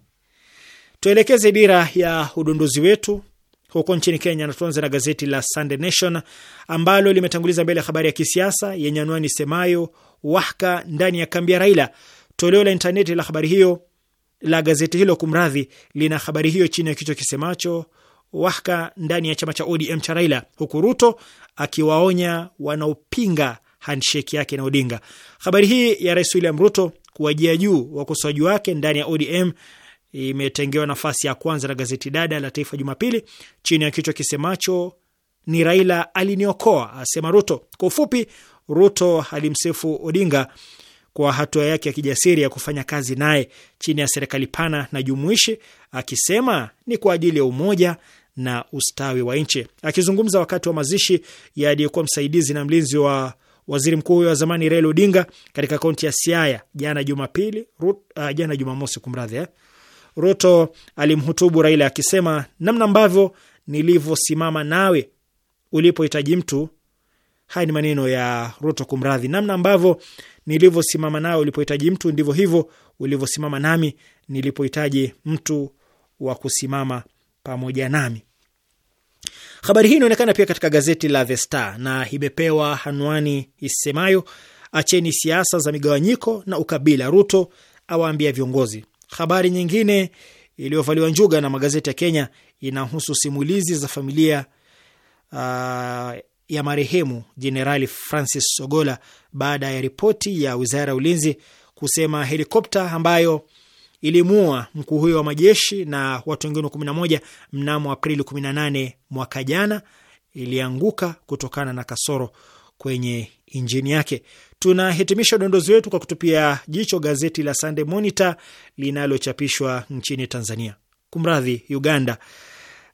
Tuelekeze dira ya udunduzi wetu huko nchini Kenya na tuanze na gazeti la Sunday Nation ambalo limetanguliza mbele ya habari ya kisiasa yenye anwani semayo wahka ndani ya kambi ya Raila. Toleo la intaneti la habari hiyo la gazeti hilo kumradhi, lina habari hiyo chini ya kichwa kisemacho wahka ndani ya chama cha ODM cha Raila, huku Ruto akiwaonya wanaopinga handshake yake na Odinga. Habari hii ya Rais William Ruto kuwajia juu wakosoaji wake ndani ya ODM imetengewa nafasi ya kwanza na gazeti dada la Taifa Jumapili chini ya kichwa kisemacho ni Raila aliniokoa, asema Ruto. Kwa ufupi, Ruto alimsifu Odinga kwa hatua yake ya kijasiri ya kufanya kazi naye chini ya serikali pana na jumuishi, akisema ni kwa ajili ya umoja na ustawi wa nchi. Akizungumza wakati wa mazishi ya aliyekuwa msaidizi na mlinzi wa waziri mkuu huyo wa zamani Raila Odinga katika kaunti ya Siaya jana Jumapili, uh, jana Jumamosi kumradhi, eh, Ruto alimhutubu Raila akisema, namna ambavyo nilivyosimama nawe ulipohitaji mtu. Haya ni maneno ya Ruto kumradhi, namna ambavyo nilivyosimama nawe ulipohitaji mtu, ndivyo hivyo ulivyosimama nami nilipohitaji mtu wa kusimama pamoja nami. Habari hii inaonekana pia katika gazeti la The Star na imepewa anwani isemayo acheni siasa za migawanyiko na ukabila, Ruto awaambia viongozi. Habari nyingine iliyovaliwa njuga na magazeti ya Kenya inahusu simulizi za familia uh, ya marehemu Jenerali Francis Ogola baada ya ripoti ya wizara ya ulinzi kusema helikopta ambayo ilimua mkuu huyo wa majeshi na watu wengine 11 mnamo Aprili 18 mwaka jana, ilianguka kutokana na kasoro kwenye injini yake. Tunahitimisha dondozi wetu kwa kutupia jicho gazeti la Sunday Monitor linalochapishwa nchini Tanzania, kumradhi Uganda.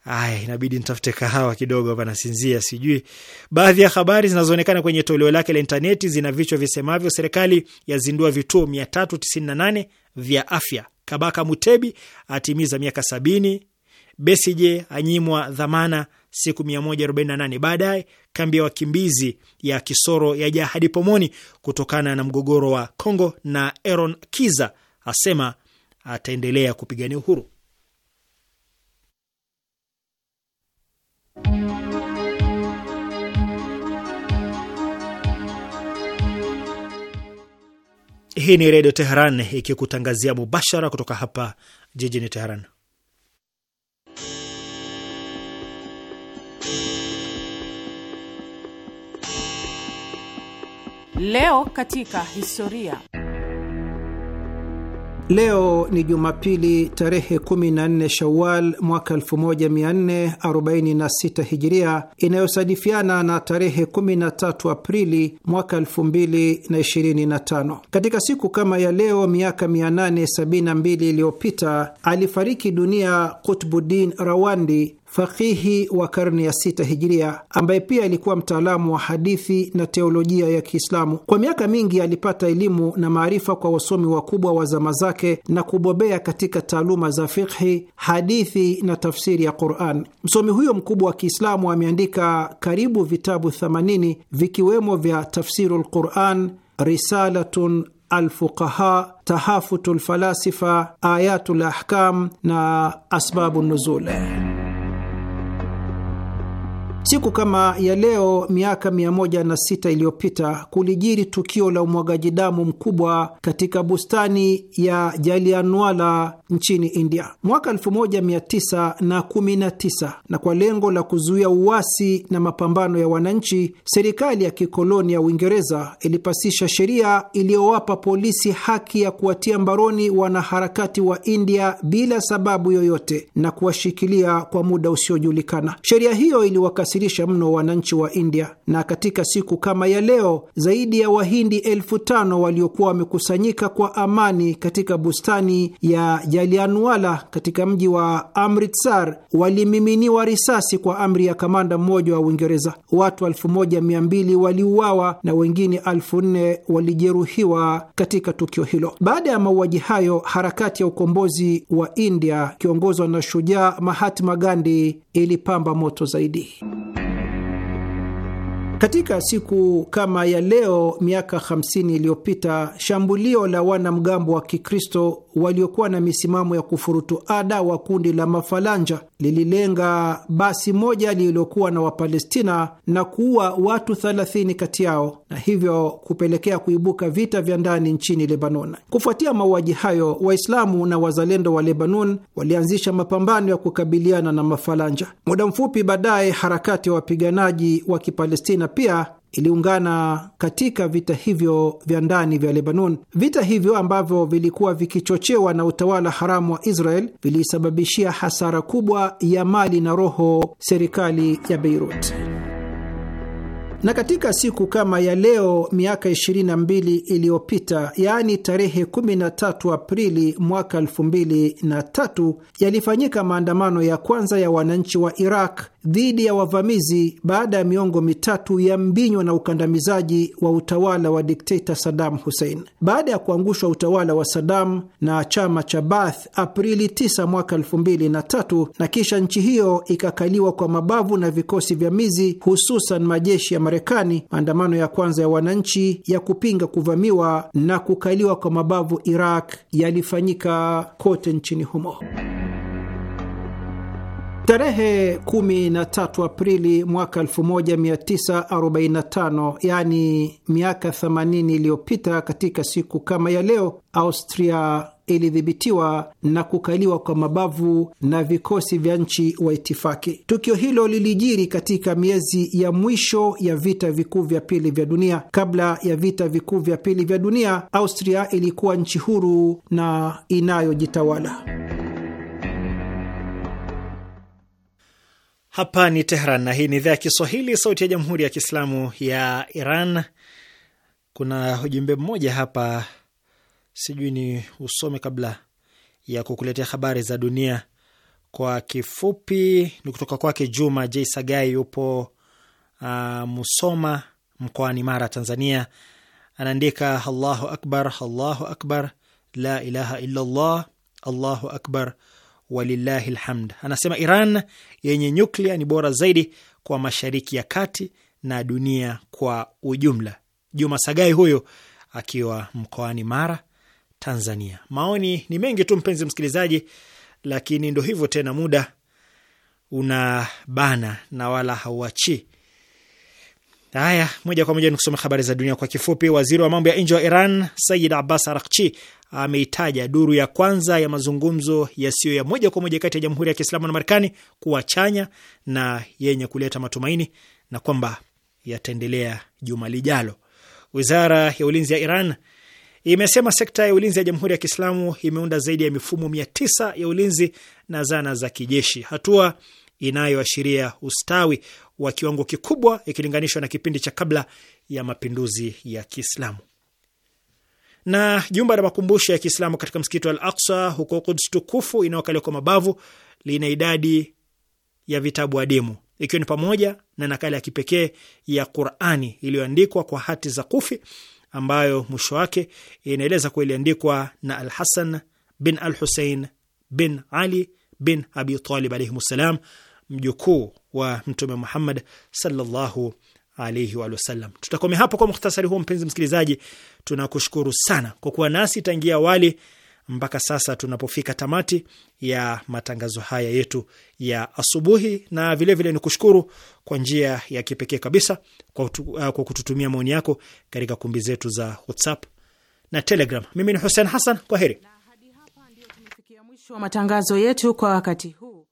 Ay, inabidi nitafute kahawa kidogo hapa, nasinzia sijui. Baadhi ya habari zinazoonekana kwenye toleo lake la intaneti zina vichwa visemavyo: serikali yazindua vituo 398 vya afya, Kabaka Mutebi atimiza miaka sabini. Besije anyimwa dhamana siku 148 baadaye. Kambi ya wakimbizi ya Kisoro yajaa hadi pomoni kutokana na mgogoro wa Kongo, na Aaron Kiza asema ataendelea kupigania uhuru. Hii ni Redio Teheran ikikutangazia mubashara kutoka hapa jijini Teheran. Leo katika historia Leo ni Jumapili tarehe 14 Shawal mwaka 1446 Hijiria, inayosadifiana na tarehe 13 Aprili mwaka 2025. Katika siku kama ya leo miaka 872 iliyopita alifariki dunia Kutbuddin Rawandi fakihi wa karne ya sita hijiria, ambaye pia alikuwa mtaalamu wa hadithi na teolojia ya Kiislamu. Kwa miaka mingi alipata elimu na maarifa kwa wasomi wakubwa wa zama zake na kubobea katika taaluma za fikhi, hadithi na tafsiri ya Quran. Msomi huyo mkubwa wa Kiislamu ameandika karibu vitabu 80 vikiwemo vya Tafsiru lquran, Risalatun Alfuqaha, Tahafutu lfalasifa, Ayatu lahkam na Asbabu nuzul. Siku kama ya leo miaka 106 iliyopita kulijiri tukio la umwagaji damu mkubwa katika bustani ya Jalianwala nchini India mwaka 1919 na, na kwa lengo la kuzuia uasi na mapambano ya wananchi, serikali ya kikoloni ya Uingereza ilipasisha sheria iliyowapa polisi haki ya kuwatia mbaroni wanaharakati wa India bila sababu yoyote na kuwashikilia kwa muda usiojulikana. Sheria hiyo iliwaka kuwakasirisha mno wananchi wa India, na katika siku kama ya leo zaidi ya Wahindi elfu tano waliokuwa wamekusanyika kwa amani katika bustani ya Jalianwala katika mji wa Amritsar walimiminiwa risasi kwa amri ya kamanda mmoja wa Uingereza. Watu elfu moja mia mbili waliuawa na wengine elfu nne walijeruhiwa katika tukio hilo. Baada ya mauaji hayo, harakati ya ukombozi wa India kiongozwa na shujaa Mahatma Gandhi ilipamba moto zaidi. Katika siku kama ya leo miaka 50 iliyopita, shambulio la wanamgambo wa Kikristo waliokuwa na misimamo ya kufurutu ada wa kundi la Mafalanja lililenga basi moja lililokuwa na Wapalestina na kuua watu 30 kati yao na hivyo kupelekea kuibuka vita vya ndani nchini Lebanon. Kufuatia mauaji hayo, Waislamu na wazalendo wa Lebanon walianzisha mapambano ya kukabiliana na Mafalanja. Muda mfupi baadaye, harakati ya wapiganaji wa Kipalestina pia iliungana katika vita hivyo vya ndani vya Lebanon. Vita hivyo ambavyo vilikuwa vikichochewa na utawala haramu wa Israel vilisababishia hasara kubwa ya mali na roho serikali ya Beirut. Na katika siku kama ya leo miaka 22 iliyopita, yaani tarehe 13 Aprili mwaka 2003, yalifanyika maandamano ya kwanza ya wananchi wa Iraq dhidi ya wavamizi baada ya miongo mitatu ya mbinywa na ukandamizaji wa utawala wa dikteta Saddam Hussein. Baada ya kuangushwa utawala wa Saddam na chama cha Baath Aprili 9 mwaka 2003, na kisha nchi hiyo ikakaliwa kwa mabavu na vikosi vya mizi, hususan majeshi ya Marekani, maandamano ya kwanza ya wananchi ya kupinga kuvamiwa na kukaliwa kwa mabavu Iraq yalifanyika kote nchini humo. Tarehe 13 Aprili mwaka 1945 yaani miaka 80 iliyopita, katika siku kama ya leo, Austria ilidhibitiwa na kukaliwa kwa mabavu na vikosi vya nchi wa itifaki. Tukio hilo lilijiri katika miezi ya mwisho ya vita vikuu vya pili vya dunia. Kabla ya vita vikuu vya pili vya dunia, Austria ilikuwa nchi huru na inayojitawala. Hapa ni Tehran na hii ni idhaa ya Kiswahili, sauti ya jamhuri ya kiislamu ya Iran. Kuna ujumbe mmoja hapa sijui ni usome kabla ya kukuletea habari za dunia kwa kifupi. Ni kutoka kwake Juma J Sagai, yupo uh, Musoma mkoani Mara, Tanzania. Anaandika, Allahu akbar, Allahu akbar, la ilaha illallah, Allahu akbar walillahi lhamd. Anasema Iran yenye nyuklia ni bora zaidi kwa Mashariki ya Kati na dunia kwa ujumla. Juma Sagai huyo akiwa mkoani Mara Tanzania. Maoni ni mengi tu, mpenzi msikilizaji, lakini ndo hivyo tena, muda una bana na wala hauachi. Haya, moja kwa moja ni kusoma habari za dunia kwa kifupi. Waziri wa mambo ya nje wa Iran Sayid Abbas Arakchi ameitaja duru ya kwanza ya mazungumzo yasiyo ya moja kwa moja kati ya Jamhuri ya Kiislamu na Marekani kuwa chanya na yenye kuleta matumaini na kwamba yataendelea juma lijalo. Wizara ya ulinzi ya Iran imesema sekta ya ulinzi ya Jamhuri ya Kiislamu imeunda zaidi ya mifumo mia tisa ya ulinzi na zana za kijeshi, hatua inayoashiria ustawi wa kiwango kikubwa ikilinganishwa na kipindi cha kabla ya mapinduzi ya Kiislamu. Na jumba la makumbusho ya Kiislamu katika msikiti wa Al Aksa huko Kuds tukufu inayokaliwa kwa mabavu lina idadi ya vitabu adimu ikiwa ni pamoja na nakala ya kipekee ya Qurani iliyoandikwa kwa hati za kufi ambayo mwisho wake inaeleza kuwa iliandikwa na Al Hasan bin Al Husein bin Ali bin Abi Talib alaihim ssalam, mjukuu wa Mtume Muhammad sallallahu alaihi wa sallam. Tutakomea hapo kwa mukhtasari huo. Mpenzi msikilizaji, tunakushukuru sana kwa kuwa nasi tangia awali mpaka sasa tunapofika tamati ya matangazo haya yetu ya asubuhi, na vilevile ni kushukuru kwa njia ya kipekee kabisa kwa, utu, uh, kwa kututumia maoni yako katika kumbi zetu za WhatsApp na Telegram. Mimi ni Hussein Hassan, kwa heri. Matangazo yetu kwa wakati huu